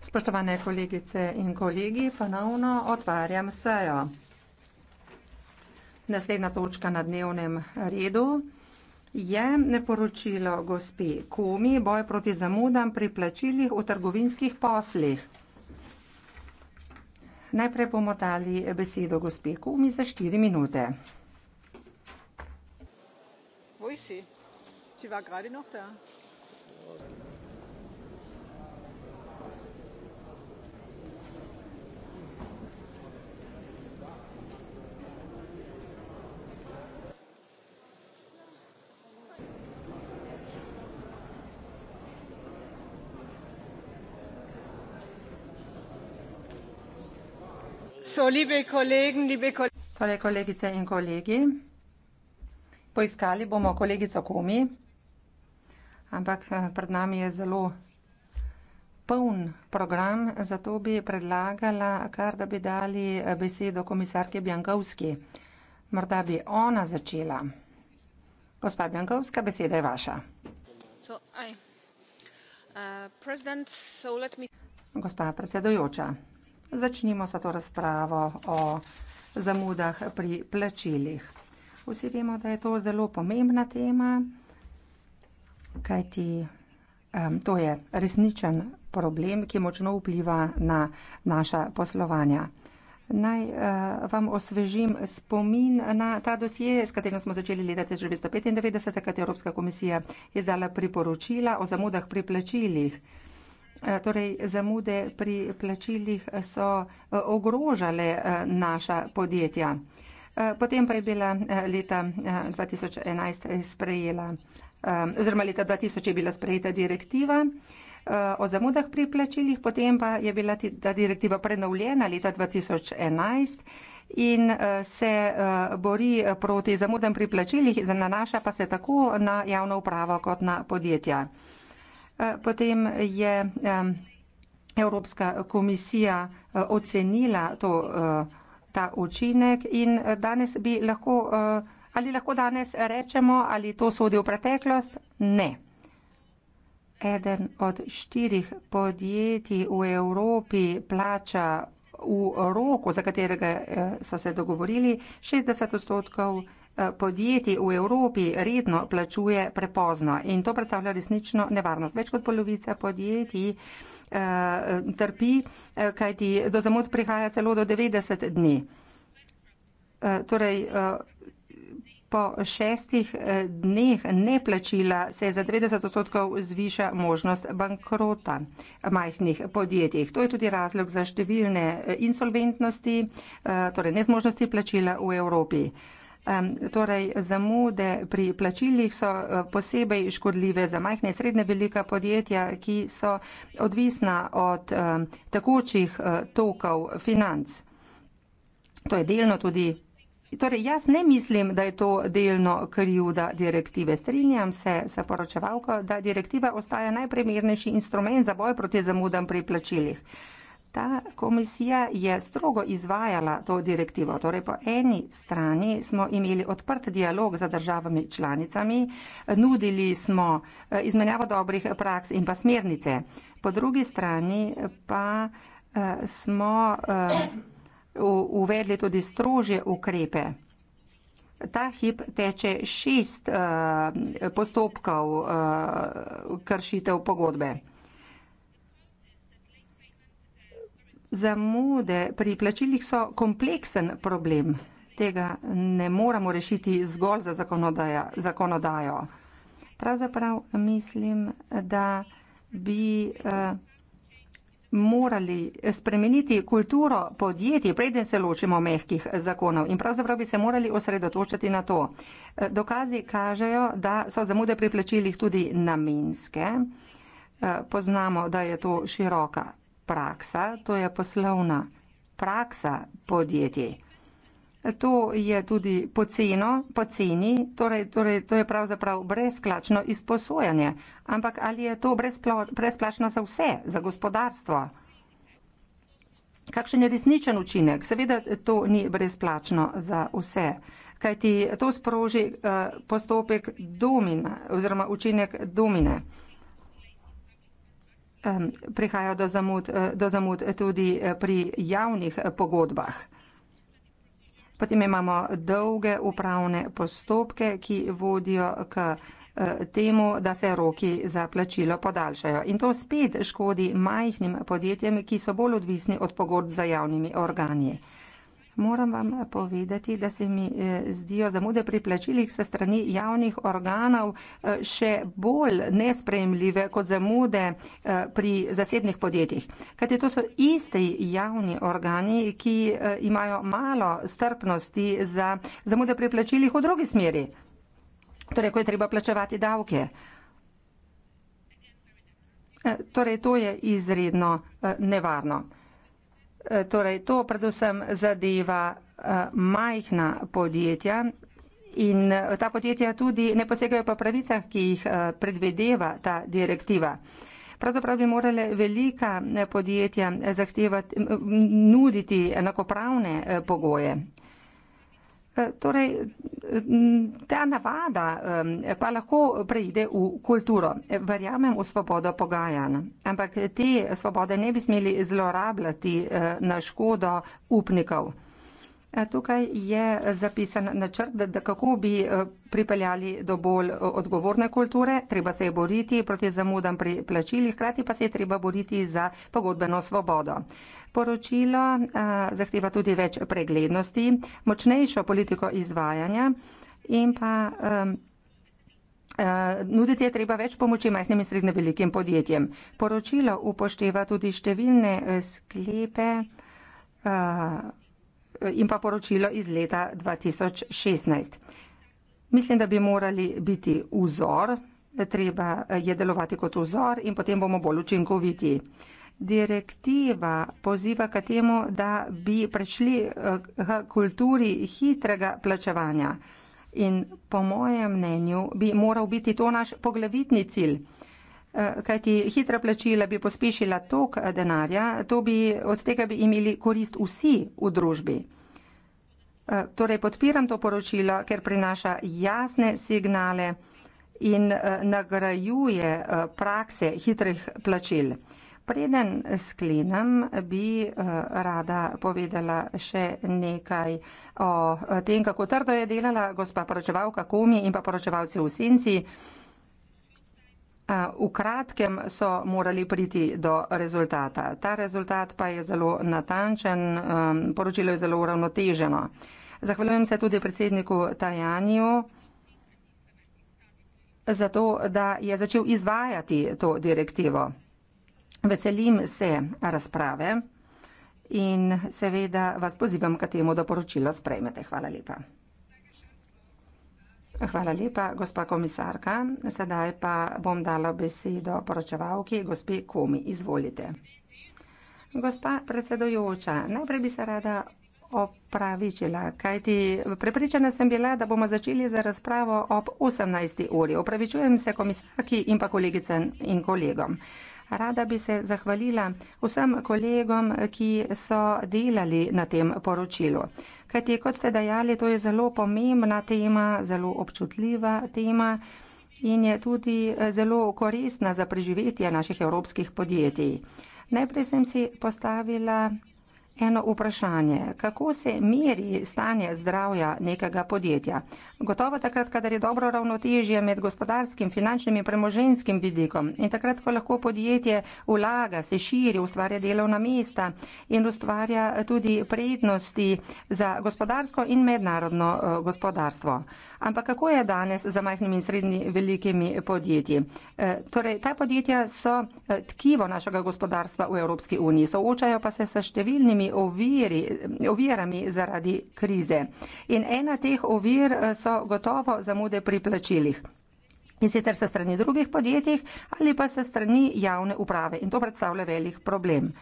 Spoštovane kolegice in kolegi, ponovno otvarjam sejo. Naslednja točka na dnevnem redu je poročilo gospe Komi, boj proti zamudam pri plačilih v trgovinskih poslih. Najprej bomo dali besedo gospe Komi za štiri minute. Tole kolegice in kolegi, poiskali bomo kolegico Komi, ampak eh, pred nami je zelo poln program, zato bi predlagala kar, da bi dali eh, besedo komisarki Bjankovski. Morda bi ona začela. Gospa Bjankovska, beseda je vaša. So, I, uh, me... Gospa predsedujoča. Začnimo sa to razpravo o zamudah pri plačilih. Vsi vemo, da je to zelo pomembna tema, kajti um, to je resničen problem, ki močno vpliva na naša poslovanja. Naj uh, vam osvežim spomin na ta dosje, s katerim smo začeli leta 1995, takrat je Evropska komisija izdala priporočila o zamudah pri plačilih. Uh, Eh, torej, zamude pri plačilih eh, so eh, ogrožale naša podjetja. Potem pa je bila leta 2011 sprejela, oziroma leta 2000 je bila sprejeta direktiva o zamudah pri plačilih, potem pa je bila ta direktiva prenovljena leta 2011 in se bori proti zamudam pri plačilih, zanaša pa se tako na javno upravo kot na podjetja. Eh, potem je eh, Evropska komisija eh, ocenila to, ta učinek in danes bi lahko, ali lahko danes rečemo, ali to sodi v preteklost? Ne. Eden od štirih podjetij v Evropi plača v roku, za katerega so se dogovorili, 60 odstotkov. Eh, podjetij v Evropi redno plačuje prepozno in to predstavlja resnično nevarnost. Več kot polovica podjetij eh, trpi, eh, kajti do zamud prihaja celo do 90 dni. Torej, po šestih dneh neplačila se za 90 odstotkov zviša možnost bankrota majhnih podjetij. To je tudi razlog za številne insolventnosti, torej nezmožnosti plačila v Evropi. Torej, zamude pri plačilih so eh, posebej škodljive za majhne in srednje velika podjetja, ki so odvisna od tekočih eh, tokov financ. To je delno tudi. Torej, jaz ne mislim, da je to delno krivda direktive. Strinjam se s poročevalko, da direktiva ostaja najprimernejši instrument za boj proti zamudam pri plačilih. Ta komisija je strogo izvajala to direktivo. Torej, po eni strani smo imeli odprt dialog z državami članicami, nudili smo eh, izmenjavo dobrih praks in pa smernice. Po drugi strani pa eh, smo eh, uvedli tudi strožje ukrepe. Ta hip teče šest postopkov kršitev pogodbe. Zamude pri plačilih so kompleksen problem. Tega ne moramo rešiti zgolj za zakonodajo. Pravzaprav mislim, da bi eh, morali spremeniti kulturo podjetij, preden se ločimo mehkih zakonov in pravzaprav bi se morali osredotočiti na to. Eh, dokazi kažejo, da so zamude pri plačilih tudi namenske. Eh, poznamo, da je to široka praksa, to je poslovna praksa podjetij. To je tudi poceno, poceni, torej, torej to je pravzaprav brezplačno izposojanje. Ampak ali je to brezplačno za vse, za gospodarstvo? Kakšen je resničen učinek? Seveda to ni brezplačno za vse, kajti to sproži uh, postopek domina oziroma učinek domine prihaja do zamud, e, do zamud tudi e, pri javnih e, pogodbah. Potem imamo dolge upravne postopke, ki vodijo k temu, da se roki za plačilo podaljšajo. In to spet škodi majhnim podjetjem, ki so bolj odvisni od pogodb za javnimi organi moram vam povedati, da se mi eh, zdijo zamude pri plačilih se strani javnih organov eh, še bolj nespremljive kot zamude eh, pri zasebnih podjetjih. Kajte to so isti javni organi, ki imajo malo strpnosti za zamude pri plačilih v drugi smeri. Torej, ko je treba plačevati davke. Torej, to je izredno nevarno. Eh, torej, to predvsem zadeva eh, majhna podjetja in eh, ta podjetja tudi ne posegajo po pravicah, ki jih predvedeva ta direktiva. Pravzaprav bi morale velika podjetja zahtevati, nuditi enakopravne pogoje. Eh, torej, ta navada eh, pa lahko preide v kulturo. Verjamem v svobodo pogajanj, ampak te svobode ne bi smeli zlorabljati eh, na škodo upnikov. Tukaj je zapisan načrt, da, da kako bi pripeljali do bolj odgovorne kulture, treba se je boriti proti zamudam pri plačilih, hkrati pa se je treba boriti za pogodbeno svobodo poročilo eh, zahteva tudi več preglednosti, močnejšo politiko izvajanja in pa eh, eh, nuditi je treba več pomoči majhnim in srednje velikim podjetjem. Poročilo upošteva tudi številne sklepe in pa poročilo iz leta 2016. Mislim, da bi morali biti vzor, treba je delovati kot vzor in potem bomo bolj učinkoviti direktiva poziva k temu, da bi prešli k eh, kulturi hitrega plačevanja. In po mojem mnenju bi moral biti to naš poglavitni cilj. Eh, kajti hitra plačila bi pospešila tok denarja, to bi, od tega bi imeli korist vsi v družbi. Eh, torej podpiram to poročilo, ker prinaša jasne signale in nagrajuje prakse hitrih plačil. Preden sklenem, bi eh, rada povedala še nekaj o eh, tem, kako trdo je delala gospa poročevalka Kumi in pa poročevalci v Senci. Eh, v kratkem so morali priti do rezultata. Ta rezultat pa je zelo natančen, poročilo je zelo uravnoteženo. Zahvaljujem se tudi predsedniku Tajaniju za to, da je začel izvajati to direktivo. Veselim se razprave in seveda vas pozivam k temu, da poročilo sprejmete. Hvala lepa. Hvala lepa, gospa komisarka. Sedaj pa bom dala besedo poročevalki, gospe Komi. Izvolite. Gospa predsedojoča, najprej bi se rada opravičila, kajti prepričana sem bila, da bomo začeli za razpravo ob 18. uri. Opravičujem se komisarki in pa kolegicam in kolegom. Rada bi se zahvalila vsem kolegom, ki so delali na tem poročilu. Kajti, kot ste dejali, to je zelo pomembna tema, zelo občutljiva tema in je tudi eh, zelo koristna za preživetje naših evropskih podjetij. Najprej sem si postavila eno vprašanje, kako se meri stanje zdravja nekega podjetja. Gotovo takrat, kadar je dobro ravnotežje med gospodarskim, finančnim in premoženskim vidikom in takrat, ko lahko podjetje vlaga, se širi, ustvarja delovna mesta in ustvarja tudi prednosti za gospodarsko in mednarodno eh, gospodarstvo. Ampak kako je danes za majhnimi in srednji velikimi podjetji? Eh, torej, ta podjetja so eh, tkivo našega gospodarstva v Evropski uniji, soočajo pa se s številnimi oviri, ovirami zaradi krize. In ena teh ovir eh, so gotovo zamude pri plačilih in sicer se strani drugih podjetij ali pa se strani javne uprave in to predstavlja velik problem.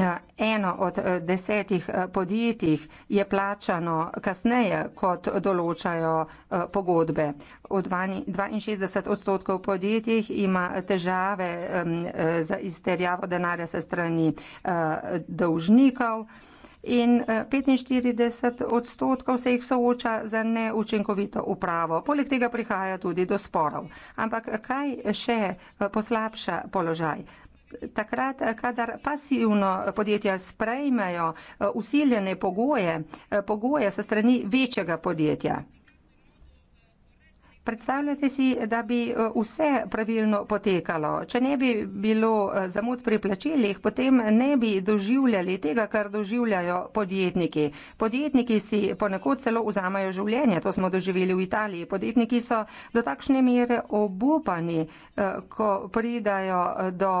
Eh, eno od eh, desetih eh, podjetij je plačano kasneje, kot določajo pogodbe. V 62 odstotkov podjetij ima težave za izterjavo denarja se strani dolžnikov. In 45 odstotkov se jih sooča za neučinkovito upravo. Poleg tega prihaja tudi do sporov. Ampak kaj še poslabša položaj? takrat, kadar pasivno podjetja sprejmejo eh, usiljene pogoje, eh, pogoje sa strani večjega podjetja. Predstavljate si, da bi eh, vse pravilno potekalo. Če ne bi bilo eh, zamud pri plačilih, potem ne bi doživljali tega, kar doživljajo podjetniki. Podjetniki si ponekod celo vzamajo življenje, to smo doživeli v Italiji. Podjetniki so do takšne mere obupani, eh, ko pridajo do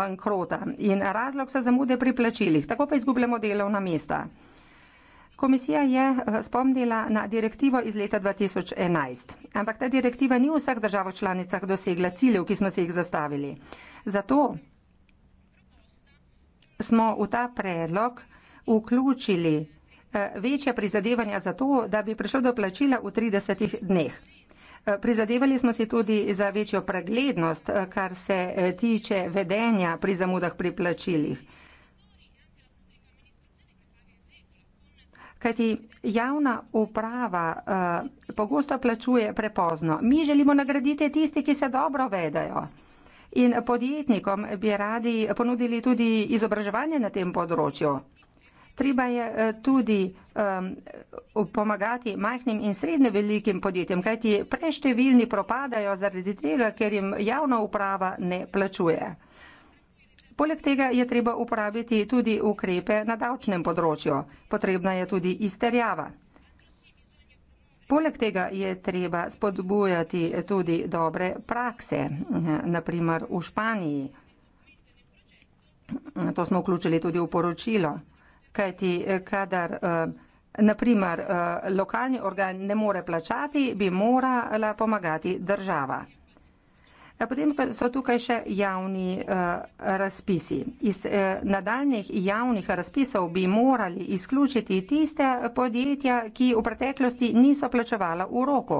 bankrota. In razlog so zamude pri plačilih. Tako pa izgubljamo delovna mesta. Komisija je eh, spomnila na direktivo iz leta 2011, ampak ta direktiva ni v vseh državah članicah dosegla ciljev, ki smo si jih zastavili. Zato smo v ta predlog vključili eh, večja prizadevanja za to, da bi prišlo do plačila v 30 dneh. Eh, prizadevali smo si tudi za večjo preglednost, kar se tiče vedenja pri zamudah pri plačilih. kajti javna uprava uh, pogosto plačuje prepozno. Mi želimo nagraditi tisti, ki se dobro vedajo. In podjetnikom bi radi ponudili tudi izobraževanje na tem področju. Treba je eh, tudi um, pomagati majhnim in srednje velikim podjetjem, kajti preštevilni propadajo zaradi tega, ker jim javna uprava ne plačuje. Poleg tega je treba uporabiti tudi ukrepe na davčnem področju. Potrebna je tudi izterjava. Poleg tega je treba spodbujati tudi dobre prakse, naprimer v Španiji. To smo vključili tudi v poročilo, kajti kadar naprimer lokalni organ ne more plačati, bi morala pomagati država. Ja, potem pa so tukaj še javni eh, razpisi. Iz eh, nadaljnih javnih razpisov bi morali izključiti tiste podjetja, ki v preteklosti niso plačevala v roko.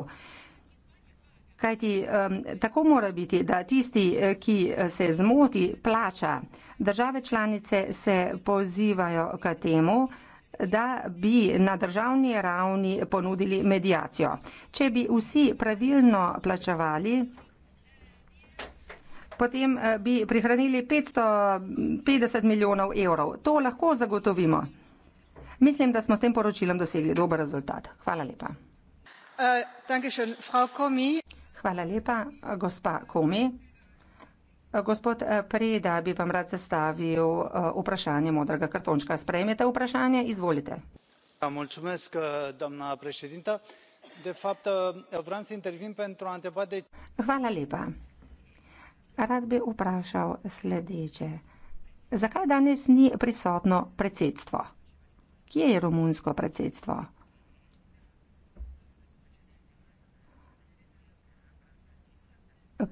Kajti tako mora biti, da tisti, eh, ki se zmoti, plača. Države članice se pozivajo k temu, da bi na državni ravni ponudili medijacijo. Če bi vsi pravilno plačevali, potem eh, bi prihranili 550 milijonov evrov. To lahko zagotovimo. Mislim, da smo s tem poročilom dosegli dober rezultat. Hvala lepa. Eh, Hvala lepa, gospa Komi. Gospod eh, Preda, bi vam rad zastavil vprašanje modrega kartončka. Sprejmete vprašanje, izvolite. Hvala lepa rad bi vprašal sledeče. Zakaj danes ni prisotno predsedstvo? Kje je romunsko predsedstvo?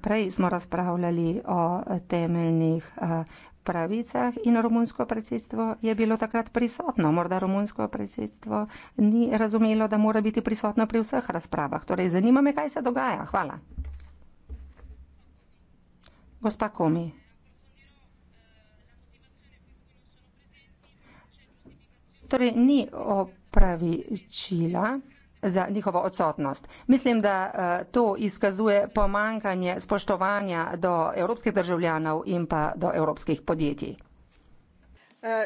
Prej smo razpravljali o temeljnih eh, pravicah in romunsko predsedstvo je bilo takrat prisotno. Morda romunsko predsedstvo ni razumelo, da mora biti prisotno pri vseh razpravah. Torej, zanima me, kaj se dogaja. Hvala. Gospa Komi. Torej, ni opravičila za njihovo odsotnost. Mislim, da eh, to izkazuje pomankanje spoštovanja do evropskih državljanov in pa do evropskih podjetij. Eh,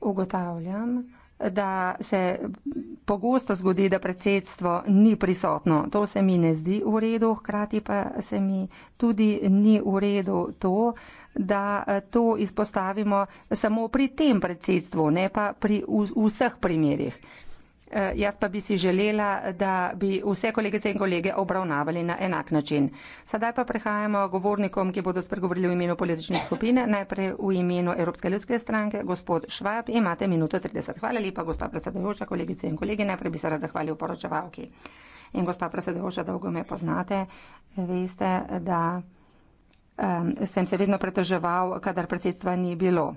Ugotavljam, da se pogosto zgodi, da predsedstvo ni prisotno. To se mi ne zdi v redu, hkrati pa se mi tudi ni v redu to, da to izpostavimo samo pri tem predsedstvu, ne pa pri vseh primerjih. Eh, jaz pa bi si želela, da bi vse kolegice in kolege obravnavali na enak način. Sedaj pa prehajamo govornikom, ki bodo spregovorili v imenu politične skupine. Najprej v imenu Evropske ljudske stranke, gospod Švab, imate minuto 30. Hvala lepa, gospa predsedojoča, kolegice in kolegi. Najprej bi se rad zahvalil poročevalki. In gospa predsedojoča, dolgo me poznate, veste, da um, sem se vedno pretrževal, kadar predsedstva ni bilo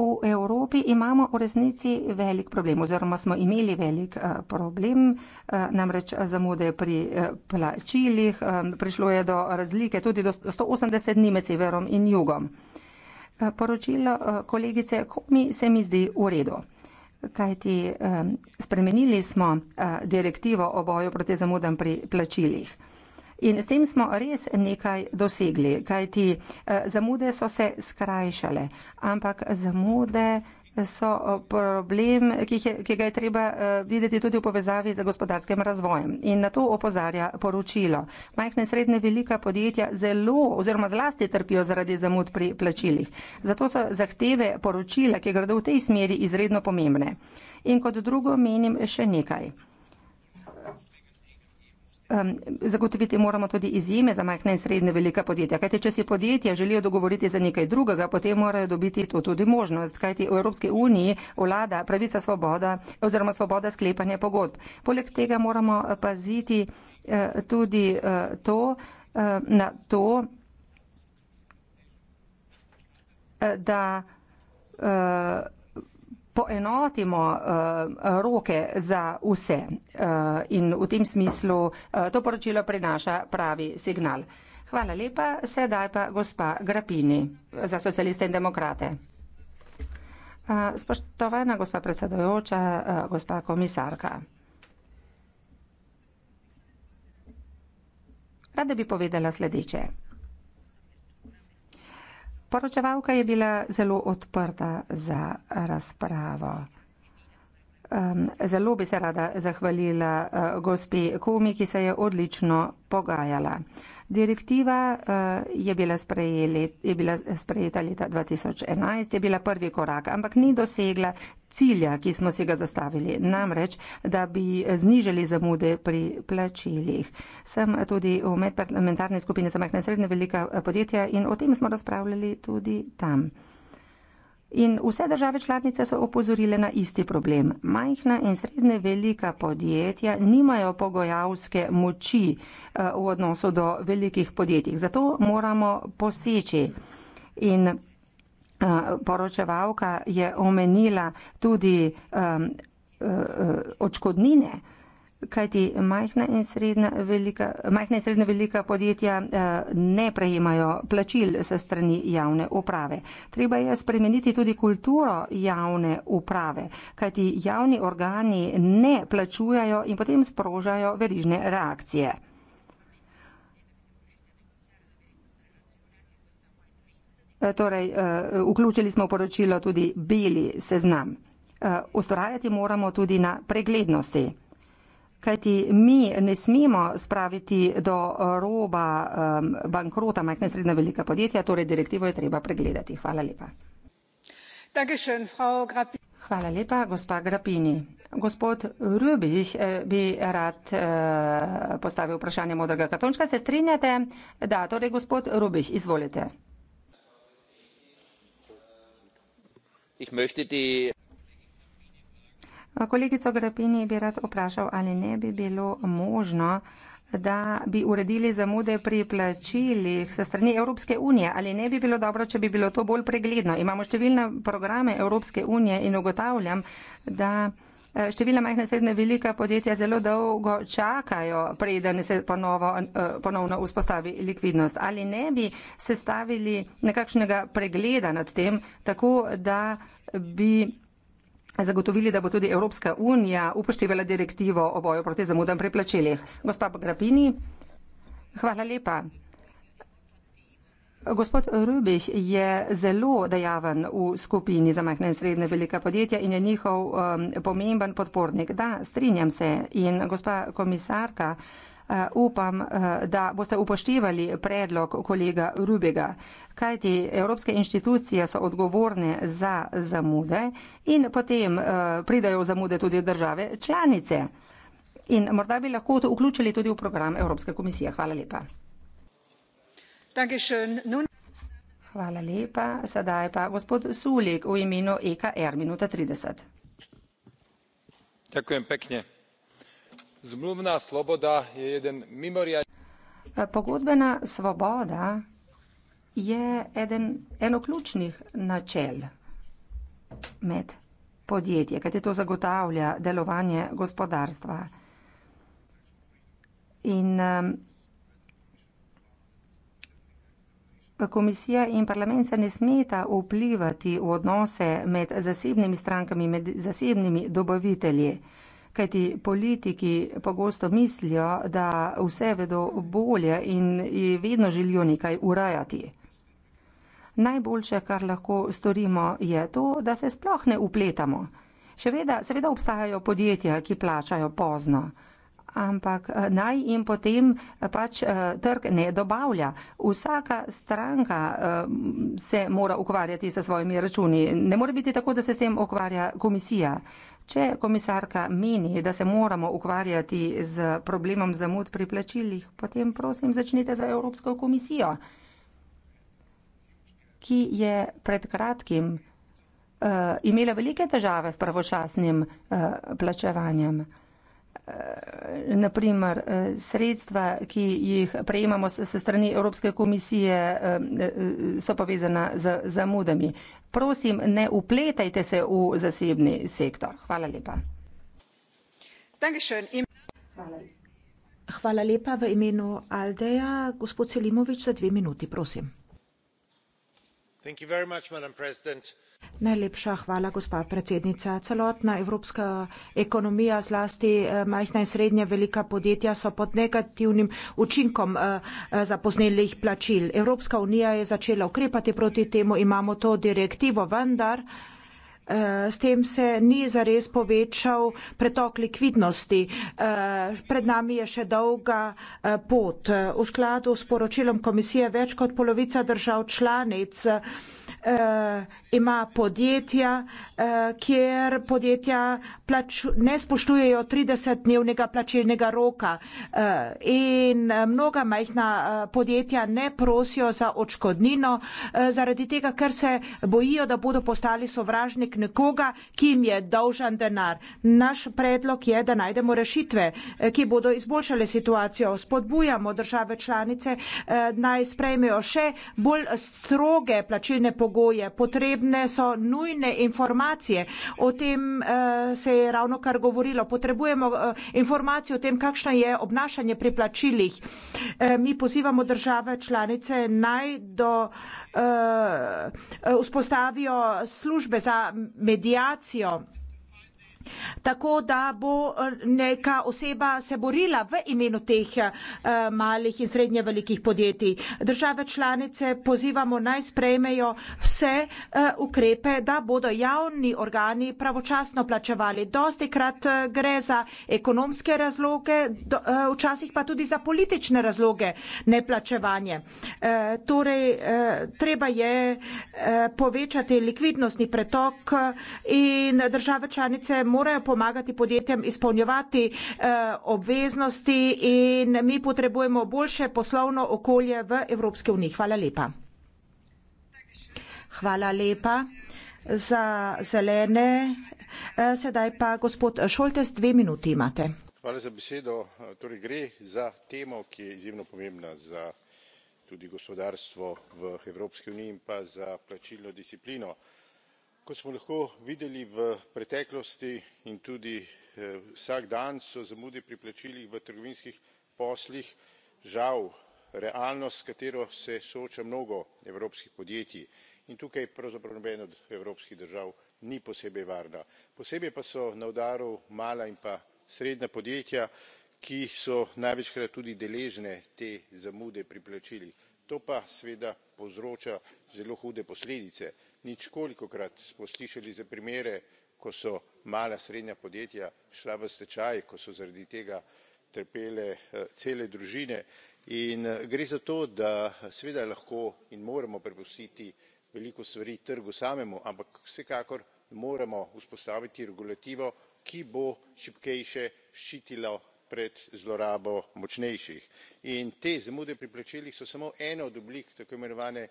v Evropi imamo v resnici velik problem oziroma smo imeli velik eh, problem, eh, namreč eh, zamude pri plačilih, prišlo je do razlike tudi do 180 dni med severom in jugom. Poročilo kolegice Komi se mi zdi v redu. Kajti spremenili smo direktivo o boju proti zamudam pri plačilih. In s tem smo res nekaj dosegli, kajti eh, zamude so se skrajšale, ampak zamude so eh, problem, ki, je, ki ga je treba eh, videti tudi v povezavi z gospodarskim razvojem. In na to opozarja poročilo. Majhne in srednje velika podjetja zelo oziroma zlasti trpijo zaradi zamud pri plačilih. Zato so zahteve poročila, ki gredo v tej smeri, izredno pomembne. In kot drugo menim še nekaj um, zagotoviti moramo tudi izjeme za majhna in srednje velika podjetja. Kajti, če si podjetja želijo dogovoriti za nekaj drugega, potem morajo dobiti to tudi možnost. Kajti, v Evropski uniji vlada pravica svoboda oziroma svoboda sklepanja pogodb. Poleg tega moramo eh, paziti uh, tudi uh, to, uh, na to, uh, da uh, poenotimo eh, roke za vse eh, in v tem smislu eh, to poročilo prinaša pravi signal. Hvala lepa, sedaj pa gospa Grapini za socialiste in demokrate. Spoštovana gospa predsedojoča, gospa komisarka. Rada bi povedala sledeče. Poročevalka je bila zelo odprta za razpravo. Zelo bi se rada zahvalila eh, gospi Kumi, ki se je odlično pogajala. Direktiva eh, je bila, sprejeli, je bila sprejeta leta 2011, je bila prvi korak, ampak ni dosegla cilja, ki smo si ga zastavili, namreč, da bi znižali zamude pri plačilih. Sem tudi v medparlamentarni skupini za majhna in srednja velika eh, podjetja in o tem smo razpravljali tudi tam. In vse države članice so opozorile na isti problem. Majhna in srednje velika podjetja nimajo pogojavske moči eh, v odnosu do velikih podjetij. Zato moramo poseči. In Eh, poročevalka je omenila tudi um, eh, eh, očkodnine, kajti majhna in srednja velika, majhna in srednja velika podjetja uh, ne prejemajo plačil se strani javne uprave. Treba je spremeniti tudi kulturo javne uprave, kajti javni organi ne plačujajo in potem sprožajo verižne reakcije. Eh, torej, eh, vključili smo v poročilo tudi beli seznam. Ustrajati eh, moramo tudi na preglednosti. Kajti mi ne smemo spraviti do roba um, bankrota majhne srednje velike podjetja, torej direktivo je treba pregledati. Hvala lepa. Dankeschön, Frau Grappini. Hvala lepa, gospa Grapini. Gospod Rubiš bi rad postavil vprašanje modrega kartončka. Se strinjate? Da, torej gospod Rubiš, izvolite. Ich möchte die Kolegico Grapini bi rad vprašal, ali ne bi bilo možno, da bi uredili zamude pri plačilih se strani Evropske unije, ali ne bi bilo dobro, če bi bilo to bolj pregledno. Imamo številne programe Evropske unije in ugotavljam, da. Eh, številna majhna srednja velika podjetja zelo dolgo čakajo, preden se ponovo, eh, ponovno vzpostavi likvidnost. Ali ne bi se stavili nekakšnega pregleda nad tem, tako da bi zagotovili, da bo tudi Evropska unija upoštevala direktivo o boju proti zamudam pri plačilih. Gospa Grapini, hvala lepa. Gospod Rubiš je zelo dejaven v skupini za majhne in srednje velike podjetja in je njihov um, pomemben podpornik. Da, strinjam se. In gospa komisarka, uh, upam, uh, da boste upoštevali predlog kolega Rubiga, kajti evropske inštitucije so odgovorne za zamude in potem uh, pridajo v zamude tudi države članice. In morda bi lahko to vključili tudi v program Evropske komisije. Hvala lepa. Hvala lepa. Sedaj pa gospod Sulik v imenu EKR, minuta trideset. Pogodbena svoboda je eden, eno ključnih načel med podjetje, kajti to zagotavlja delovanje gospodarstva. In, Komisija in parlament se ne smeta vplivati v odnose med zasebnimi strankami, med zasebnimi dobavitelji, kajti politiki pogosto mislijo, da vse vedo bolje in vedno želijo nekaj urajati. Najboljše, kar lahko storimo, je to, da se sploh ne upletamo. Še vedno obstajajo podjetja, ki plačajo pozno ampak eh, naj jim potem eh, pač eh, trg ne dobavlja. Vsaka stranka se mora ukvarjati sa svojimi računi. Ne more biti tako, da se s tem ukvarja komisija. Če komisarka meni, da se moramo ukvarjati z problemom zamud pri plačilih, potem prosim začnite za Evropsko komisijo, ki je pred kratkim uh, imela velike težave s pravočasnim uh, plačevanjem. Eh, na primer eh, sredstva, ki jih prejemamo se strani Evropske komisije, eh, so povezana z zamudami. Prosim, ne upletajte se v zasebni sektor. Hvala lepa. Hvala lepa v imenu Aldeja. Gospod Selimovič, za dve minuti, prosim. Najlepša hvala, gospa predsednica. Celotna evropska ekonomija, zlasti eh, majhna in srednje velika podjetja so pod negativnim učinkom eh, eh, zapoznelih plačil. Evropska unija je začela ukrepati proti temu, imamo to direktivo, vendar s tem se ni zares povečal pretok likvidnosti. Pred nami je še dolga pot. V skladu s poročilom komisije več kot polovica držav članic Eh, ima podjetja, eh, kjer podjetja ne spoštujejo 30-dnevnega plačilnega roka eh, in mnoga majhna podjetja ne prosijo za očkodnino zaradi tega, ker se bojijo, da bodo postali sovražnik nekoga, ki jim je dolžan denar. Naš predlog je, da najdemo rešitve, ki bodo izboljšale situacijo. Spodbujamo države članice, naj sprejmejo še bolj stroge plačilne pogodbe, pogoje, potrebne so nujne informacije. O tem uh, se je ravno kar govorilo. Potrebujemo uh, informacije o tem, kakšno je obnašanje pri plačilih. Uh, mi pozivamo države članice naj do uh, uh, uspostavijo službe za medijacijo. Tako da bo eh, neka oseba se borila v imenu teh eh, malih in srednje velikih podjetij. Države članice pozivamo naj sprejmejo vse eh, ukrepe, da bodo javni organi pravočasno plačevali. Dosti krat gre za ekonomske razloge, včasih pa tudi za politične razloge neplačevanje. Torej, treba je povečati likvidnostni pretok in države članice morajo pomagati podjetjem izpolnjevati eh, obveznosti in mi potrebujemo boljše poslovno okolje v Evropski uniji. Hvala lepa. Hvala lepa za zelene. Eh, sedaj pa gospod Šoltes, dve minuti imate. Hvala za besedo. Eh, torej gre za temo, ki je izjemno pomembna za tudi gospodarstvo v Evropski uniji in pa za plačilno disciplino kot smo lahko videli v preteklosti in tudi eh, vsak dan so zamude pri plačilih v trgovinskih poslih žal realnost s katero se sooča mnogo evropskih podjetij in tukaj pravzaprav nobena od evropskih držav ni posebej varna posebej pa so na udaru mala in pa srednja podjetja ki so največkrat tudi deležna te zamude pri plačilih to pa seveda povzroča zelo hude posledice ničkolikokrat smo slišali za primere ko so mala srednja podjetja šla v stečaj ko so zaradi tega trpele eh, cele družine in eh, gre za to da seveda lahko in moramo prepustiti veliko stvari trgu samemu ampak vsekakor moramo vzpostaviti regulativo ki bo šibkejše ščitila pred zlorabo močnejših in te zamude pri plačilih so samo ena od oblik tako imenovane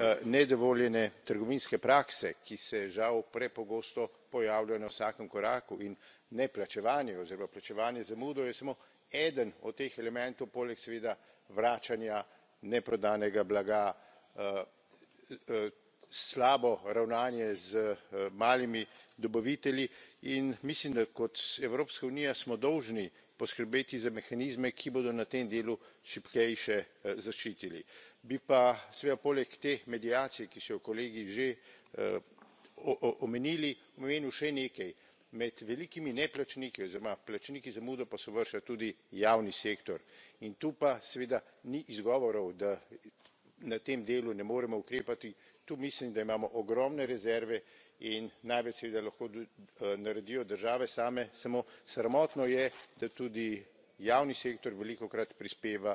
Eh, nedovoljene trgovinske prakse ki se žal prepogosto pojavljajo na vsakem koraku in neplačevanje oziroma plačevanje z zamudo je samo eden od teh elementov poleg seveda vračanja neprodanega blaga eh, eh, slabo ravnanje z malimi dobavitelji in mislim da kot evropska unija smo dolžni poskrbeti za mehanizme ki bodo na tem delu šibkejše zaščitili bi pa seveda poleg te mediacije ki so jo kolegi že eh, omenili omenil še nekaj med velikimi neplačniki oziroma plačniki z zamudo pa se uvršča tudi javni sektor in tu pa seveda ni izgovorov da na tem delu ne moremo ukrepati tu mislim da imamo ogromne rezerve in največ seveda lahko eh, naredijo države same samo sramotno je da tudi javni sektor velikokrat prispeva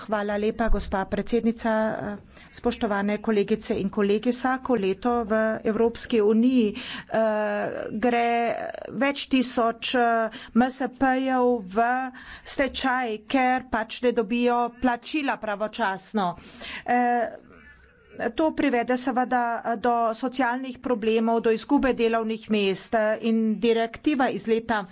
Hvala lepa, gospa predsednica. Spoštovane kolegice in kolegi, vsako leto v Evropski uniji eh, gre več tisoč eh, MSP-jev v stečaj, ker pač ne dobijo plačila pravočasno. Eh, to privede seveda do socialnih problemov, do izgube delovnih mest in direktiva iz leta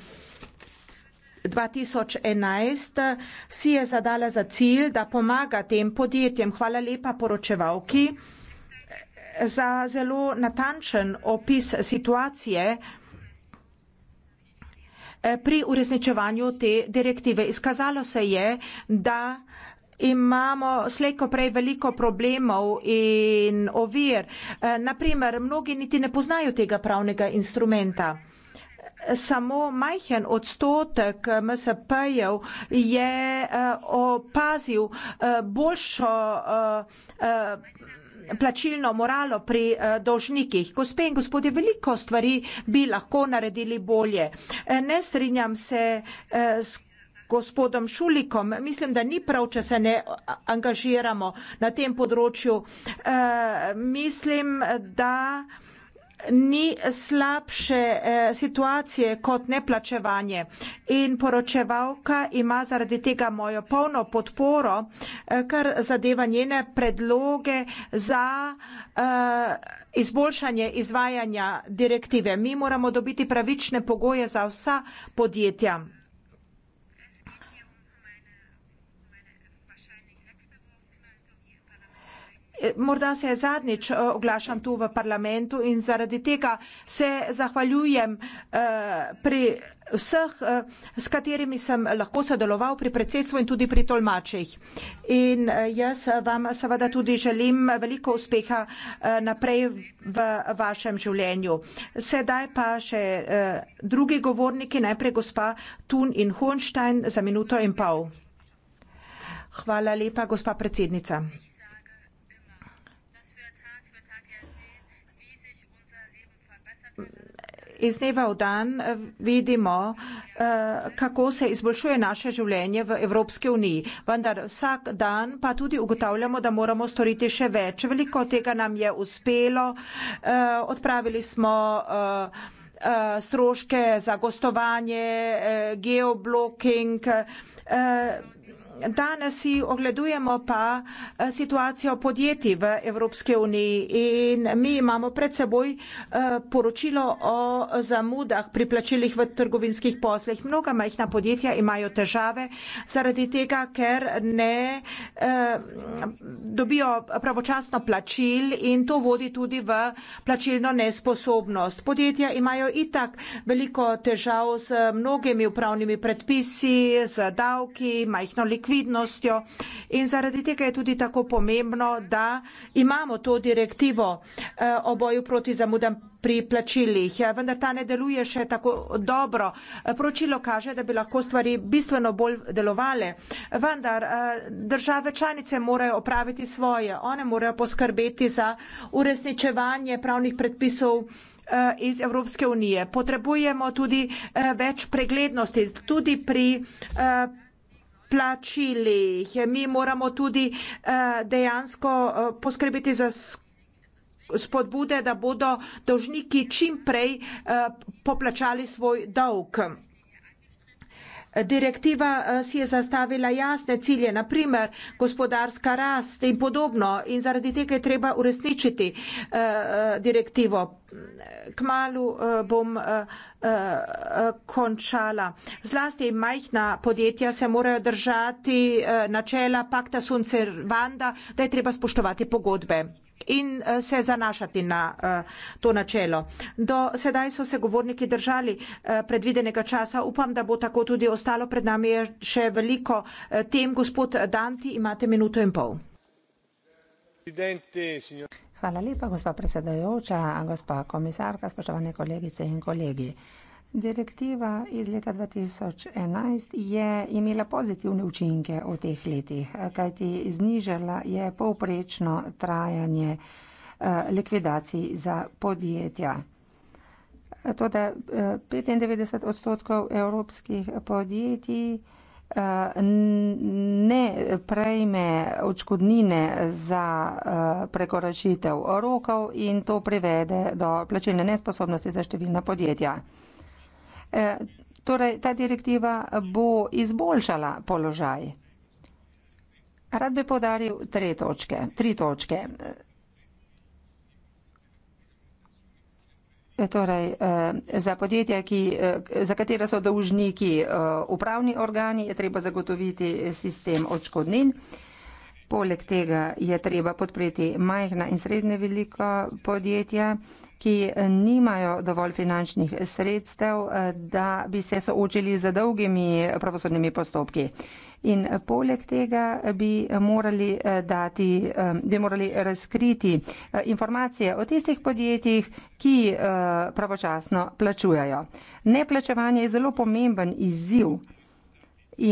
2011 si je zadala za cilj, da pomaga tem podjetjem. Hvala lepa poročevalki za zelo natančen opis situacije eh, pri uresničevanju te direktive. Izkazalo se je, da imamo slejko prej veliko problemov in ovir. Eh, Naprimer, mnogi niti ne poznajo tega pravnega instrumenta samo majhen odstotek MSP-jev je eh, opazil eh, boljšo eh, plačilno moralo pri dožnikih. Gospe in gospodje, veliko stvari bi lahko naredili bolje. Ne strinjam se s gospodom Šulikom. Mislim, da ni prav, če se ne angažiramo na tem področju. Mislim, da ni slabše eh, situacije kot neplačevanje. In poročevalka ima zaradi tega mojo polno podporo, eh, kar zadeva njene predloge za eh, izboljšanje izvajanja direktive. Mi moramo dobiti pravične pogoje za vsa podjetja. morda se je zadnjič eh, oglašam tu v parlamentu in zaradi tega se zahvaljujem eh, pri vseh, eh, s katerimi sem lahko sodeloval pri predsedstvu in tudi pri tolmačih. In jaz vam seveda tudi želim veliko uspeha naprej v vašem življenju. Sedaj pa še drugi govorniki, najprej gospa Tun in Hohenstein za minuto in pol. Hvala lepa, gospa predsednica. iz dneva v dan eh, vidimo, eh, kako se izboljšuje naše življenje v Evropski uniji. Vendar vsak dan pa tudi ugotavljamo, da moramo storiti še več. Veliko tega nam je uspelo. Eh, odpravili smo stroške za gostovanje, geobloking danes si ogledujemo pa eh, situacijo podjetij v Evropske uniji in mi imamo pred seboj eh, poročilo o zamudah pri plačilih v trgovinskih poslih. Mnoga majhna podjetja imajo težave zaradi tega, ker ne eh, dobijo pravočasno plačil in to vodi tudi v plačilno nesposobnost. Podjetja imajo itak veliko težav z mnogimi upravnimi predpisi, z davki, majhno likvidnost, likvidnostjo in zaradi tega je tudi tako pomembno, da imamo to direktivo eh, o boju proti zamudam pri plačilih, ja, vendar ta ne deluje še tako dobro. Pročilo kaže, da bi lahko stvari bistveno bolj delovale, vendar eh, države članice morajo opraviti svoje, one morajo poskrbeti za uresničevanje pravnih predpisov eh, iz Evropske unije. Potrebujemo tudi več preglednosti, tudi pri plačili. Mi moramo tudi eh, dejansko eh, poskrbiti za spodbude, da bodo dožniki čim prej eh, poplačali svoj dolg. Direktiva si je zastavila jasne cilje, naprimer gospodarska rast in podobno in zaradi tega je treba uresničiti direktivo. Kmalu bom Eh, končala. Zlasti majhna podjetja se morajo držati eh, načela pakta Suncervanda, da je treba spoštovati pogodbe in eh, se zanašati na to načelo. Do sedaj so se govorniki držali predvidenega časa. Upam, da bo tako tudi ostalo. Pred nami je še veliko tem. Gospod Danti, imate minuto in pol. Hvala lepa, gospa predsedajoča, gospa komisarka, spoštovane kolegice in kolegi. Direktiva iz leta 2011 je imela pozitivne učinke v teh letih, kajti znižala je povprečno trajanje eh, likvidacij za podjetja. Tode eh, 95 odstotkov evropskih podjetij Eh, ne prejme očkodnine za eh, prekoračitev rokov in to privede do plačilne nesposobnosti za številna podjetja. Eh, torej, ta direktiva bo izboljšala položaj. Rad bi podaril tri točke. Tri točke. E, torej, e, za podjetja, ki, e, za katera so dolžniki upravni organi, je treba zagotoviti sistem odškodnin. Poleg tega je treba podpreti majhna in srednje veliko podjetja, ki nimajo dovolj finančnih sredstev, da bi se soočili z dolgimi pravosodnimi postopki. In eh, poleg tega eh, bi eh, morali, dati, bi morali razkriti informacije o tistih podjetjih, ki pravočasno plačujajo. Neplačevanje je zelo pomemben izziv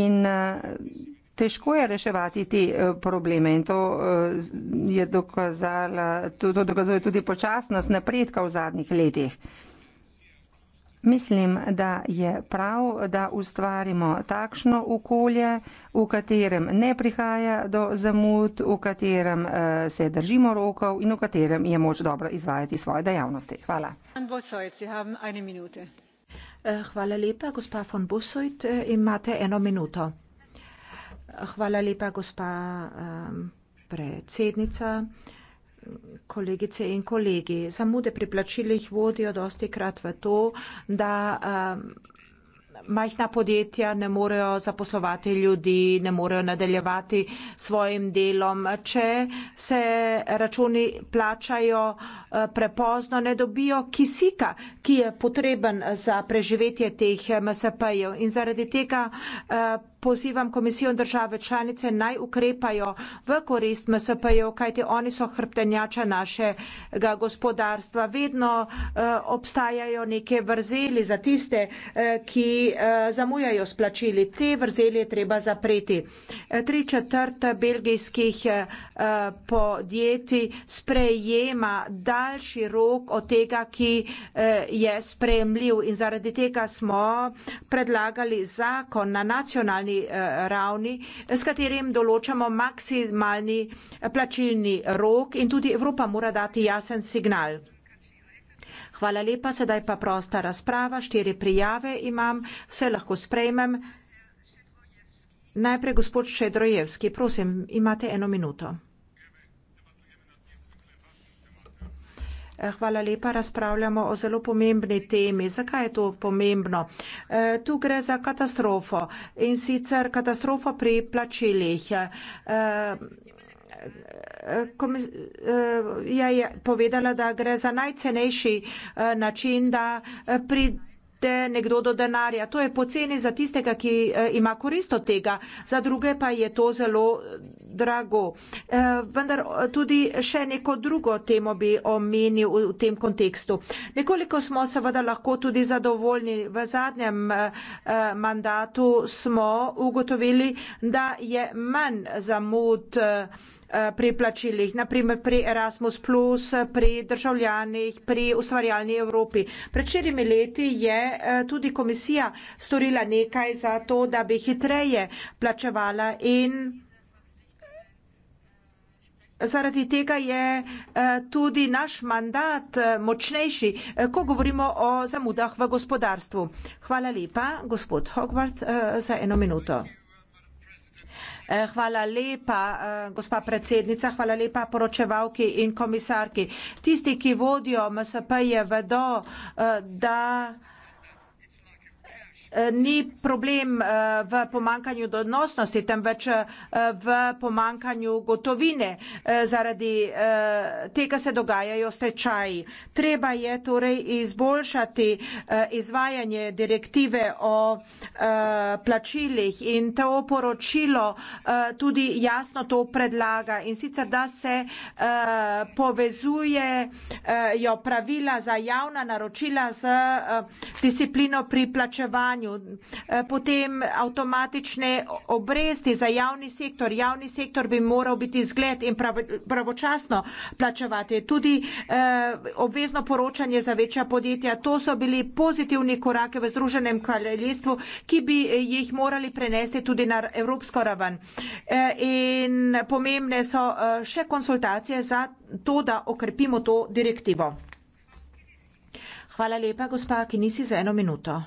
in težko je reševati te probleme in to, je dokazala, to, to dokazuje tudi počasnost napredka v zadnjih letih. Mislim, da je prav, da ustvarimo takšno okolje, v katerem ne prihaja do zamud, v katerem uh, se držimo rokov in v katerem je moč dobro izvajati svoje dejavnosti. Hvala. Eh, hvala lepa, gospa von Bussoit, eh, imate eno minuto. Hvala lepa, gospa um, predsednica. Uh, kolegice in kolegi. Zamude pri plačilih vodijo dosti krat v to, da eh, majhna podjetja ne morejo zaposlovati ljudi, ne morejo nadaljevati svojim delom. Če se računi plačajo eh, prepozno, ne dobijo kisika, ki je potreben za preživetje teh MSP-jev. In zaradi tega eh, pozivam komisijo in države članice naj ukrepajo v korist MSP-jev, kajti oni so hrbtenjača našega gospodarstva. Vedno eh, obstajajo neke vrzeli za tiste, eh, ki eh, zamujajo splačili. Te vrzeli je treba zapreti. Tri četrt belgijskih podjetij sprejema daljši rok od tega, ki je spremljiv in zaradi tega smo predlagali zakon na nacionalni nacionalni eh, ravni, s katerim določamo maksimalni eh, plačilni rok in tudi Evropa mora dati jasen signal. Hvala lepa, sedaj pa prosta razprava, štiri prijave imam, vse lahko sprejmem. Najprej gospod Šedrojevski, prosim, imate eno minuto. Hvala lepa. Razpravljamo o zelo pomembni temi. Zakaj je to pomembno? E, tu gre za katastrofo in sicer katastrofo pri plačilih. E, e, je povedala, da gre za najcenejši način, da pri te nekdo do denarja. To je poceni za tistega, ki eh, ima korist od tega, za druge pa je to zelo eh, drago. Eh, vendar tudi še neko drugo temo bi omenil v tem kontekstu. Nekoliko smo seveda lahko tudi zadovoljni. V zadnjem mandatu smo ugotovili, da je manj zamud Eh, pri plačilih, naprimer pri Erasmus, plus, pri državljanih, pri ustvarjalni Evropi. Pred štirimi leti je eh, tudi komisija storila nekaj za to, da bi hitreje plačevala in eh, Zaradi tega je tudi naš mandat močnejši, ko govorimo o zamudah v gospodarstvu. Hvala lepa, gospod Hogwarth, za eno minuto. Eh, hvala lepa, eh, gospa predsednica, hvala lepa poročevalki in komisarki. Tisti, ki vodijo MSP, je vedo, eh, da Eh, ni problem eh, v pomankanju donosnosti, temveč eh, v pomankanju gotovine zaradi tega se dogajajo stečaji. Treba je torej izboljšati izvajanje direktive o plačilih in to poročilo tudi jasno to predlaga in sicer, da se povezujejo pravila za javna naročila z disciplino pri plačevanju stanju. Eh, potem avtomatične obresti za javni sektor. Javni sektor bi moral biti zgled in prav, pravočasno plačevati. Tudi eh, obvezno poročanje za večja podjetja. To so bili pozitivni korake v Združenem kraljestvu, ki bi eh, jih morali prenesti tudi na evropsko raven. Eh, in pomembne so eh, še konsultacije za to, da okrepimo to direktivo. Hvala lepa, gospa Kinisi, za eno minuto.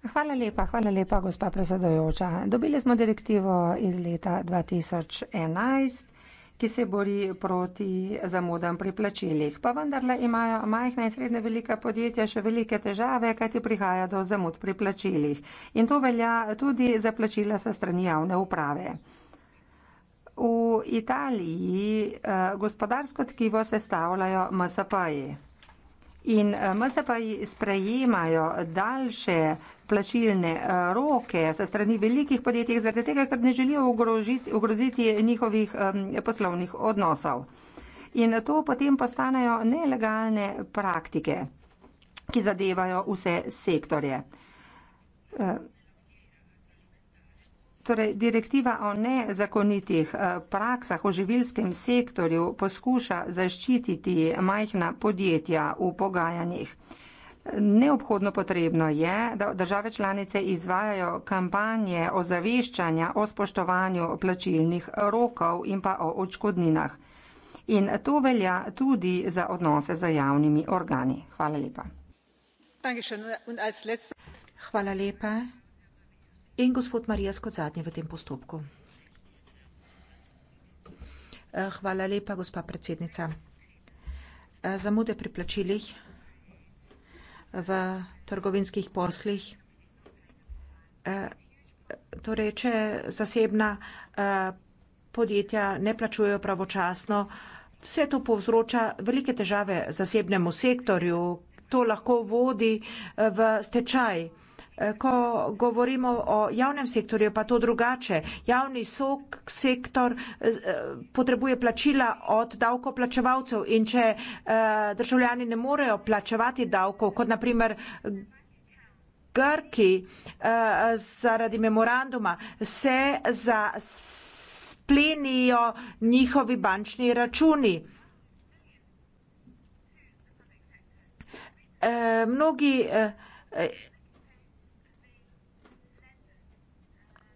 Hvala lepa, hvala lepa, gospa predsedojoča. Dobili smo direktivo iz leta 2011, ki se bori proti zamudam pri plačilih. Pa vendarle imajo majhna in srednje velika podjetja še velike težave, kajti prihaja do zamud pri plačilih. In to velja tudi za plačila sa strani javne uprave. V Italiji eh, gospodarsko tkivo sestavljajo MSP-ji. In eh, MSP-ji sprejemajo daljše plačilne eh, roke se strani velikih podjetij, zaradi tega, ker ne želijo ogrožiti, ogroziti njihovih poslovnih odnosov. In to potem postanejo nelegalne praktike, ki zadevajo vse sektorje. Eh, torej, direktiva o nezakonitih eh, praksah v živilskem sektorju poskuša zaščititi majhna podjetja v pogajanjih. Neobhodno potrebno je, da države članice izvajajo kampanje o zaviščanja, o spoštovanju plačilnih rokov in pa o očkodninah. In to velja tudi za odnose z javnimi organi. Hvala lepa. Hvala lepa. In gospod Marijas kot zadnji v tem postopku. Eh, hvala lepa, gospa predsednica. Eh, zamude pri plačilih v trgovinskih poslih. E, torej, če zasebna e, podjetja ne plačujejo pravočasno, vse to povzroča velike težave zasebnemu sektorju, to lahko vodi e, v stečaj. Eh, ko govorimo o javnem sektorju, pa to drugače. Javni sok, sektor eh, potrebuje plačila od davkoplačevalcev in če eh, državljani ne morejo plačevati davkov, kot naprimer Grki zaradi memoranduma, se splenijo njihovi bančni računi. Mnogi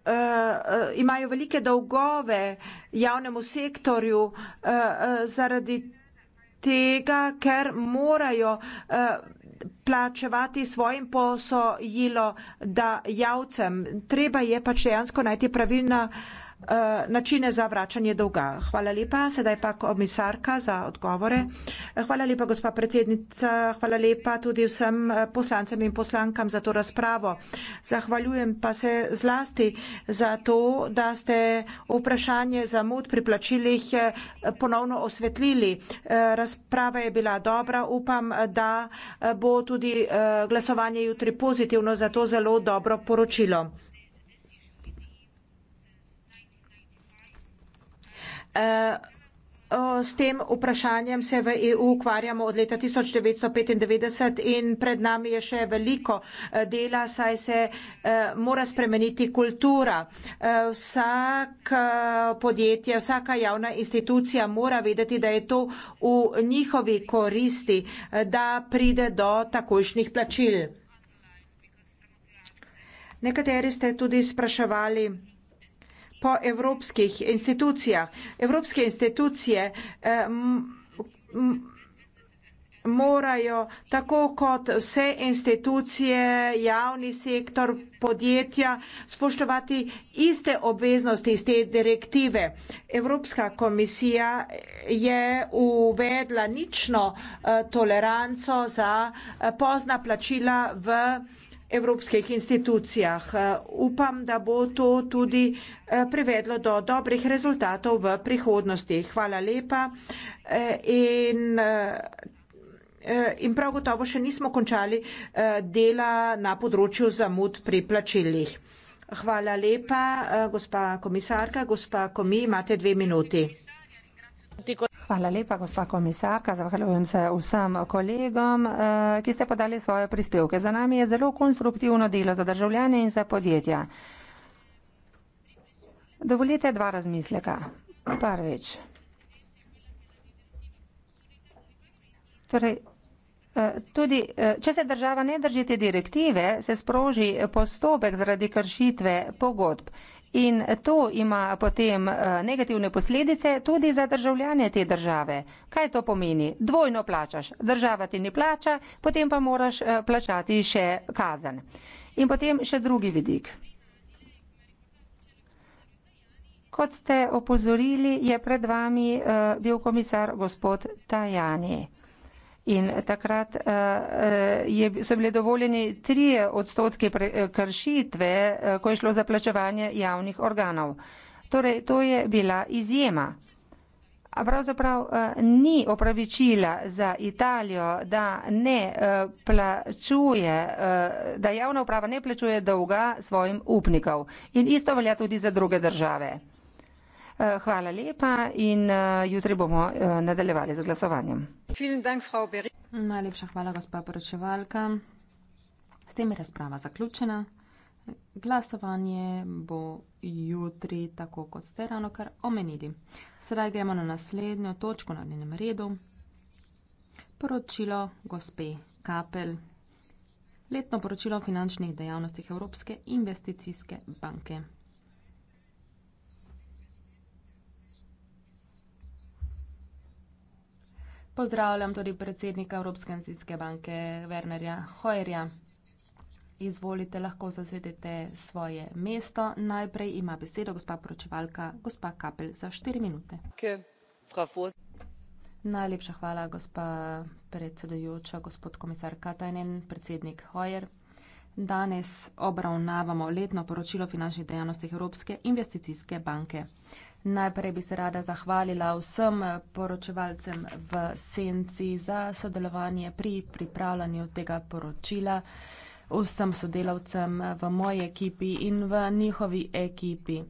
Eh, eh, imajo velike dolgove javnemu sektorju eh, zaradi tega, ker morajo plačevati svojim posojilo dajalcem. Treba je pač dejansko najti pravilna Eh, načine za vračanje dolga. Hvala lepa, sedaj pa komisarka za odgovore. Hvala lepa, gospa predsednica, hvala lepa tudi vsem eh, poslancem in poslankam za to razpravo. Zahvaljujem pa se zlasti za to, da ste vprašanje zamud pri plačilih eh, ponovno osvetlili. Razprava je bila dobra, upam, da bo tudi glasovanje jutri pozitivno za to zelo dobro poročilo. Eh, s tem vprašanjem se v EU ukvarjamo od leta 1995 in pred nami je še veliko eh, dela, saj se eh, mora spremeniti kultura. Vsak podjetje, vsaka javna institucija mora vedeti, da je to v njihovi koristi, da pride do takojšnjih plačil. Nekateri ste tudi spraševali, po evropskih institucijah. Evropske institucije eh, morajo tako kot vse institucije, javni sektor, podjetja spoštovati iste obveznosti iz te direktive. Evropska komisija je uvedla nično eh, toleranco za eh, pozna plačila v Evropi evropskih institucijah. Upam, da bo to tudi eh, privedlo do dobrih rezultatov v prihodnosti. Hvala lepa. Eh, in eh, In prav gotovo še nismo končali dela na področju zamud pri plačilih. Hvala lepa, gospa komisarka. Gospa Komi, imate dve minuti. Hvala lepa, gospa komisarka. Zahvaljujem se vsem kolegom, eh, ki ste podali svoje prispevke. Za nami je zelo konstruktivno delo za državljane in za podjetja. Dovolite dva razmisleka. Prvič. Torej, eh, Tudi, eh, če se država ne držite direktive, se sproži postopek zaradi kršitve pogodb in to ima potem eh, negativne posledice tudi za državljane te države. Kaj to pomeni? Dvojno plačaš, država ti ne plača, potem pa moraš eh, plačati še kazen. In potem še drugi vidik. Kot ste opozorili, je pred vami eh, bil komisar gospod Tajani. In takrat uh, je, so bile dovoljeni tri odstotke eh, kršitve, uh, ko je šlo za plačevanje javnih organov. Torej, to je bila izjema. A pravzaprav uh, ni opravičila za Italijo, da, ne, uh, plačuje, uh, da javna uprava ne plačuje dolga svojim upnikov. In isto velja tudi za druge države. Uh, hvala lepa in uh, jutri bomo uh, nadaljevali z glasovanjem. Najlepša hvala, gospa poročevalka. S tem je razprava zaključena. Glasovanje bo jutri, tako kot ste ravnokar omenili. Sedaj gremo na naslednjo točko na dnevnem redu. Poročilo gospe Kapel. Letno poročilo finančnih dejavnostih Evropske investicijske banke. Pozdravljam tudi predsednika Evropske investicijske banke Wernerja Hoerja. Izvolite, lahko zasedete svoje mesto. Najprej ima besedo gospa poročevalka, gospa Kapel, za štiri minute. Najlepša hvala, gospa predsedujoča, gospod komisar Katajnen, predsednik Hoer. Danes obravnavamo letno poročilo finančnih dejavnosti Evropske investicijske banke. Najprej bi se rada zahvalila vsem poročevalcem v Senci za sodelovanje pri pripravljanju tega poročila, vsem sodelavcem v moji ekipi in v njihovi ekipi.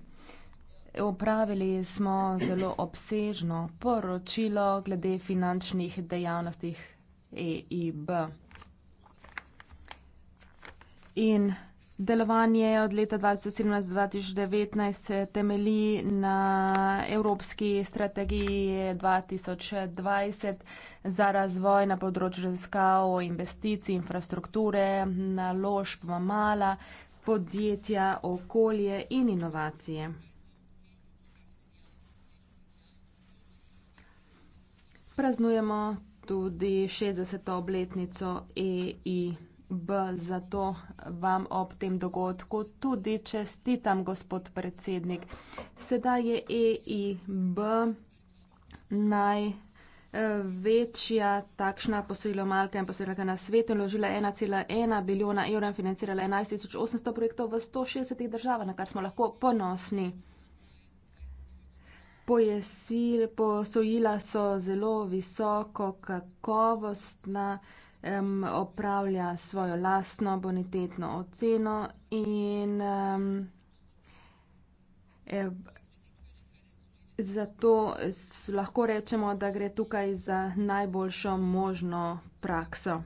Upravili smo zelo obsežno poročilo glede finančnih dejavnostih EIB. In Delovanje od leta 2017-2019 temelji na Evropski strategiji 2020 za razvoj na področju raziskav, investicij, infrastrukture, naložb, mala, podjetja, okolje in inovacije. Praznujemo tudi 60. obletnico EI. B, zato vam ob tem dogodku tudi čestitam, gospod predsednik. Sedaj je EIB največja takšna posojilomalka in posojilka na svetu in ložila 1,1 biliona evra in financirala 11.800 projektov v 160 državah, na kar smo lahko ponosni. Pojesil, posojila so zelo visoko kakovostna um, opravlja svojo lastno bonitetno oceno in um, e, zato lahko rečemo, da gre tukaj za najboljšo možno prakso.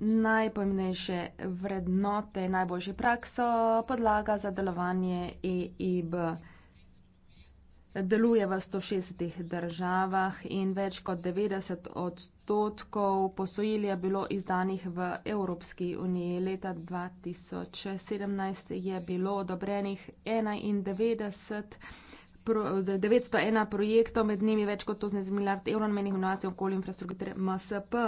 Najpomembnejše vrednote, najboljše prakso, podlaga za delovanje EIB. Deluje v 160 državah in več kot 90 odstotkov posojil je bilo izdanih v Evropski uniji. Leta 2017 je bilo odobrenih 91, 901 projektov, med njimi več kot 18 milijard evrov namenih inovacij okoli infrastrukture MSP.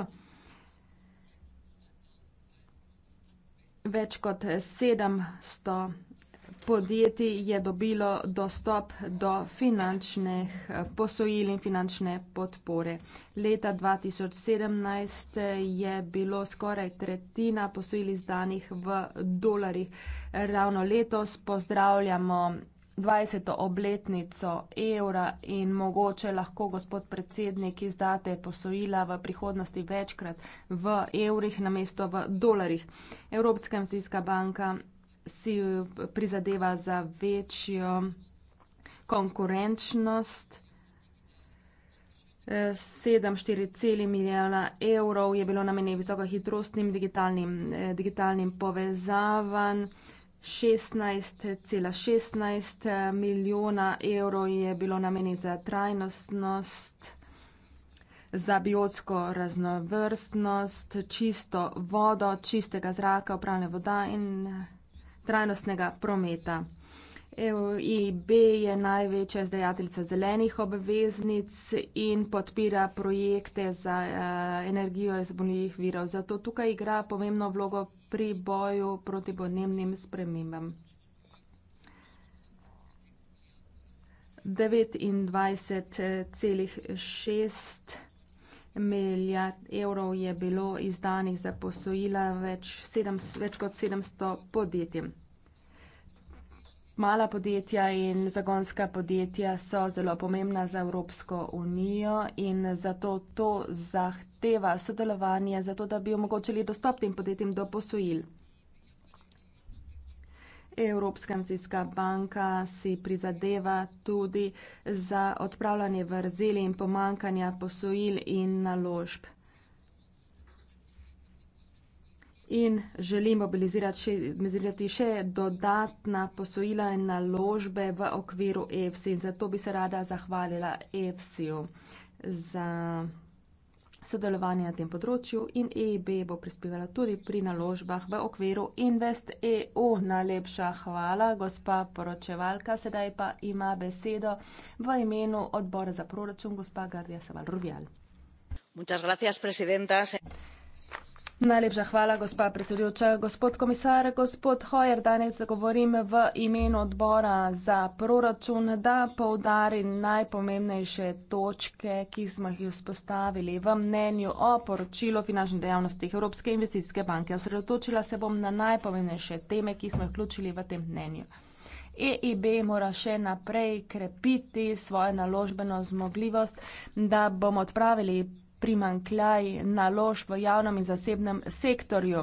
Več kot 700 podjetij je dobilo dostop do finančnih eh, posojil in finančne podpore. Leta 2017 je bilo skoraj tretjina posojil izdanih v dolarjih. Ravno letos pozdravljamo 20. obletnico evra in mogoče lahko, gospod predsednik, izdate posojila v prihodnosti večkrat v evrih namesto v dolarjih. Evropska investicijska banka si prizadeva za večjo konkurenčnost. 7,4 milijona evrov je bilo namenjeno visokohitrostnim digitalnim, digitalnim povezavam. 16,16 milijona evrov je bilo namenjeno za trajnostnost, za biotsko raznovrstnost, čisto vodo, čistega zraka, upravne voda in trajnostnega prometa. EIB je največja izdajateljica zelenih obveznic in podpira projekte za eh, energijo iz obnovljivih virov. Zato tukaj igra pomembno vlogo pri boju proti podnebnim spremembam. 29,6 milijard evrov je bilo izdanih za posojila več, sedem, več kot 700 podjetjem. Mala podjetja in zagonska podjetja so zelo pomembna za Evropsko unijo in zato to zahteva sodelovanje, zato da bi omogočili dostop tem podjetjem do posojil. Evropska investicijska banka si prizadeva tudi za odpravljanje vrzeli in pomankanja posojil in naložb. In želi mobilizirati še, mobilizirati še dodatna posojila in naložbe v okviru EFSI. Zato bi se rada zahvalila EFSI-ju za sodelovanje na tem področju in EIB bo prispevala tudi pri naložbah v okviru Invest EU. Najlepša hvala, gospa poročevalka. Sedaj pa ima besedo v imenu odbora za proračun, gospa Gardija Saval-Rubjal. Najlepša hvala, gospa predsedujoča. Gospod komisar, gospod Hojer, danes govorim v imenu odbora za proračun, da povdarim najpomembnejše točke, ki smo jih vzpostavili v mnenju o poročilu finančnih dejavnosti Evropske investicijske banke. Osredotočila se bom na najpomembnejše teme, ki smo jih vključili v tem mnenju. EIB mora še naprej krepiti svojo naložbeno zmogljivost, da bomo odpravili primankljaj naložb v javnem in zasebnem sektorju.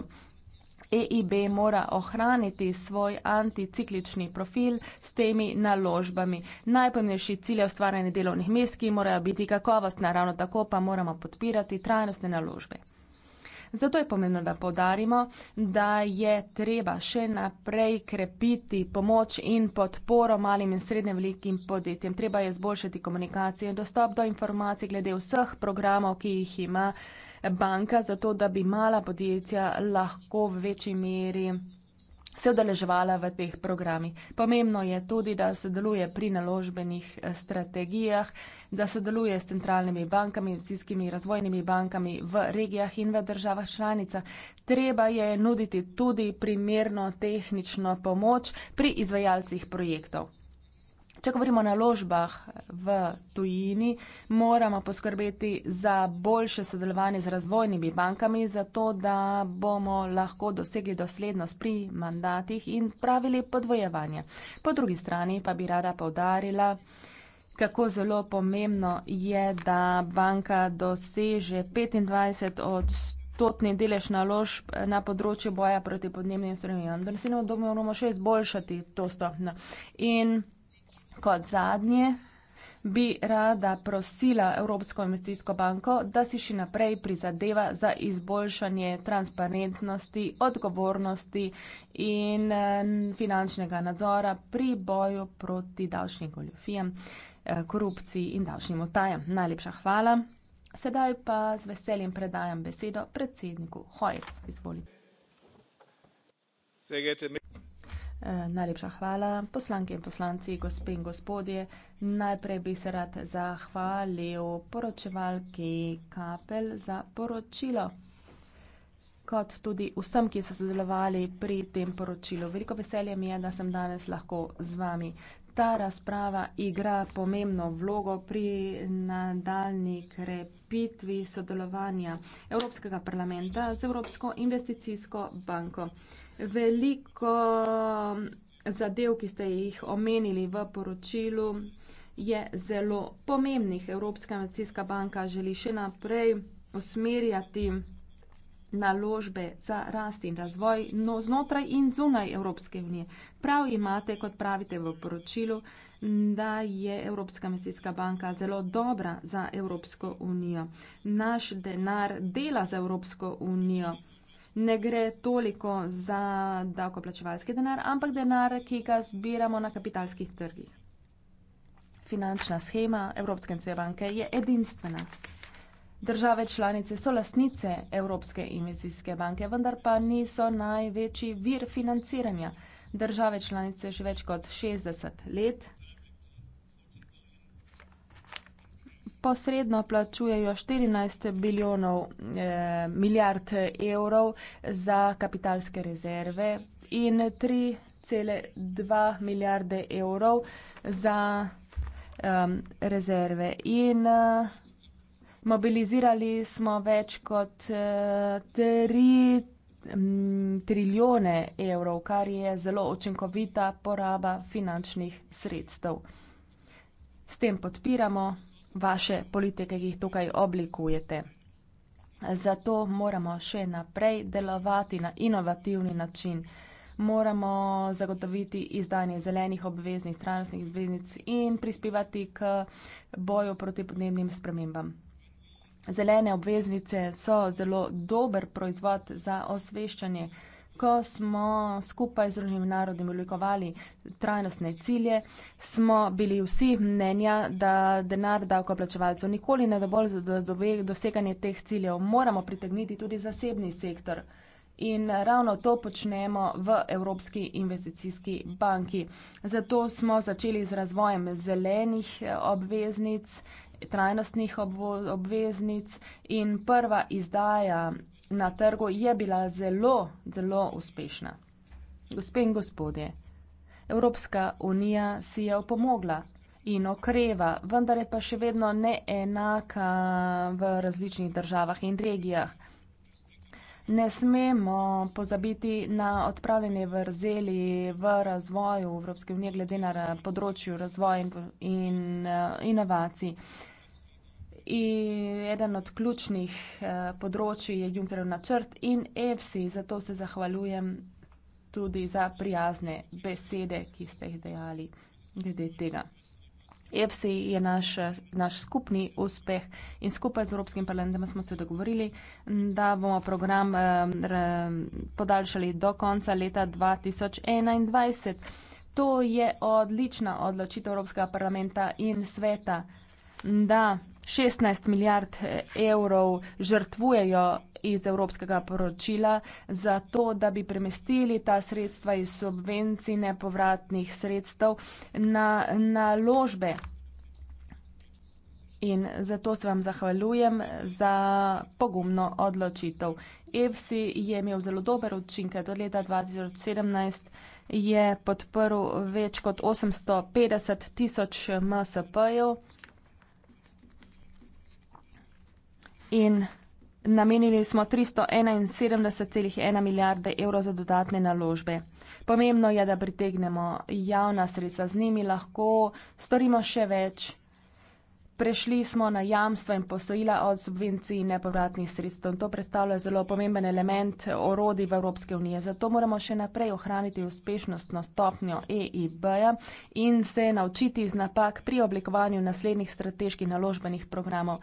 EIB mora ohraniti svoj anticiklični profil s temi naložbami. Najpomembnejši cilj je ustvarjanje delovnih mest, ki morajo biti kakovostna, ravno tako pa moramo podpirati trajnostne naložbe. Zato je pomembno, da podarimo, da je treba še naprej krepiti pomoč in podporo malim in srednjim velikim podjetjem. Treba je zboljšati komunikacijo in dostop do informacij glede vseh programov, ki jih ima banka, zato da bi mala podjetja lahko v večji meri se odeleževala v teh programih. Pomembno je tudi, da sodeluje pri naložbenih eh, strategijah, da sodeluje s centralnimi bankami, vsiskimi razvojnimi bankami v regijah in v državah članica. Treba je nuditi tudi primerno tehnično pomoč pri izvajalcih projektov. Če govorimo o naložbah v tujini, moramo poskrbeti za boljše sodelovanje z razvojnimi bankami, zato da bomo lahko dosegli doslednost pri mandatih in pravili podvojevanje. Po drugi strani pa bi rada povdarila, kako zelo pomembno je, da banka doseže 25 odstotni delež naložb na področju boja proti podnebnim spremembam. Da se ne bomo še izboljšati to stopno. Kot zadnje bi rada prosila Evropsko investicijsko banko, da si še naprej prizadeva za izboljšanje transparentnosti, odgovornosti in eh, finančnega nadzora pri boju proti davčnim goljofijam, eh, korupciji in davčnim utajam. Najlepša hvala. Sedaj pa z veseljem predajam besedo predsedniku Hoj. Izvoli. Eh, najlepša hvala, poslanke in poslanci, gospe in gospodje. Najprej bi se rad zahvalil poročevalki Kapel za poročilo, kot tudi vsem, ki so sodelovali pri tem poročilu. Veliko veselje mi je, da sem danes lahko z vami. Ta razprava igra pomembno vlogo pri nadaljni krepitvi sodelovanja Evropskega parlamenta z Evropsko investicijsko banko. Veliko mm, zadev, ki ste jih omenili v poročilu, je zelo pomembnih. Evropska medicinska banka želi še naprej usmerjati naložbe za rast in razvoj no, znotraj in zunaj Evropske unije. Prav imate, kot pravite v poročilu, da je Evropska medicinska banka zelo dobra za Evropsko unijo. Naš denar dela za Evropsko unijo ne gre toliko za davkoplačevalski denar, ampak denar, ki ga zbiramo na kapitalskih trgih. Finančna schema Evropske banke je edinstvena. Države članice so lasnice Evropske investicijske banke, vendar pa niso največji vir financiranja. Države članice že več kot 60 let posredno plačujejo 14 bilijonov eh, milijard evrov za kapitalske rezerve in 3,2 milijarde evrov za um, rezerve. In uh, mobilizirali smo več kot uh, eh, 3 trilijone evrov, kar je zelo učinkovita poraba finančnih sredstev. S tem podpiramo vaše politike, ki jih tukaj oblikujete. Zato moramo še naprej delovati na inovativni način. Moramo zagotoviti izdanje zelenih obveznic, stranostnih obveznic in prispevati k boju proti podnebnim spremembam. Zelene obveznice so zelo dober proizvod za osveščanje ko smo skupaj z drugim narodom oblikovali trajnostne cilje, smo bili vsi mnenja, da denar davkoplačevalcev nikoli ne dovolj za doseganje teh ciljev. Moramo pritegniti tudi zasebni sektor. In ravno to počnemo v Evropski investicijski banki. Zato smo začeli z razvojem zelenih obveznic, trajnostnih obveznic in prva izdaja na trgu je bila zelo, zelo uspešna. Gospe in gospodje, Evropska unija si je opomogla in okreva, vendar je pa še vedno neenaka v različnih državah in regijah. Ne smemo pozabiti na odpravljanje vrzeli v razvoju Evropske unije glede na področju razvoja in eh, inovacij. In eden od ključnih eh, področji je Junkerov načrt in EFSI, zato se zahvaljujem tudi za prijazne besede, ki ste jih dejali glede tega. EFSI je naš, naš skupni uspeh in skupaj z Evropskim parlamentom smo se dogovorili, da bomo program eh, podaljšali do konca leta 2021. To je odlična odločitev Evropskega parlamenta in sveta, da 16 milijard eh, evrov žrtvujejo iz evropskega poročila za to, da bi premestili ta sredstva iz subvencij nepovratnih sredstev na naložbe. In zato se vam zahvaljujem za pogumno odločitev. EFSI je imel zelo dober učinke. Do leta 2017 je podprl več kot 850 tisoč MSP-jev. in namenili smo 371,1 milijarde evrov za dodatne naložbe. Pomembno je, da pritegnemo javna sredstva z njimi, lahko storimo še več. Prešli smo na jamstva in posojila od subvencij in nepovratnih sredstev. To predstavlja zelo pomemben element orodi v Evropske unije. Zato moramo še naprej ohraniti uspešnostno stopnjo EIB-ja in se naučiti iz napak pri oblikovanju naslednjih strateških naložbenih programov.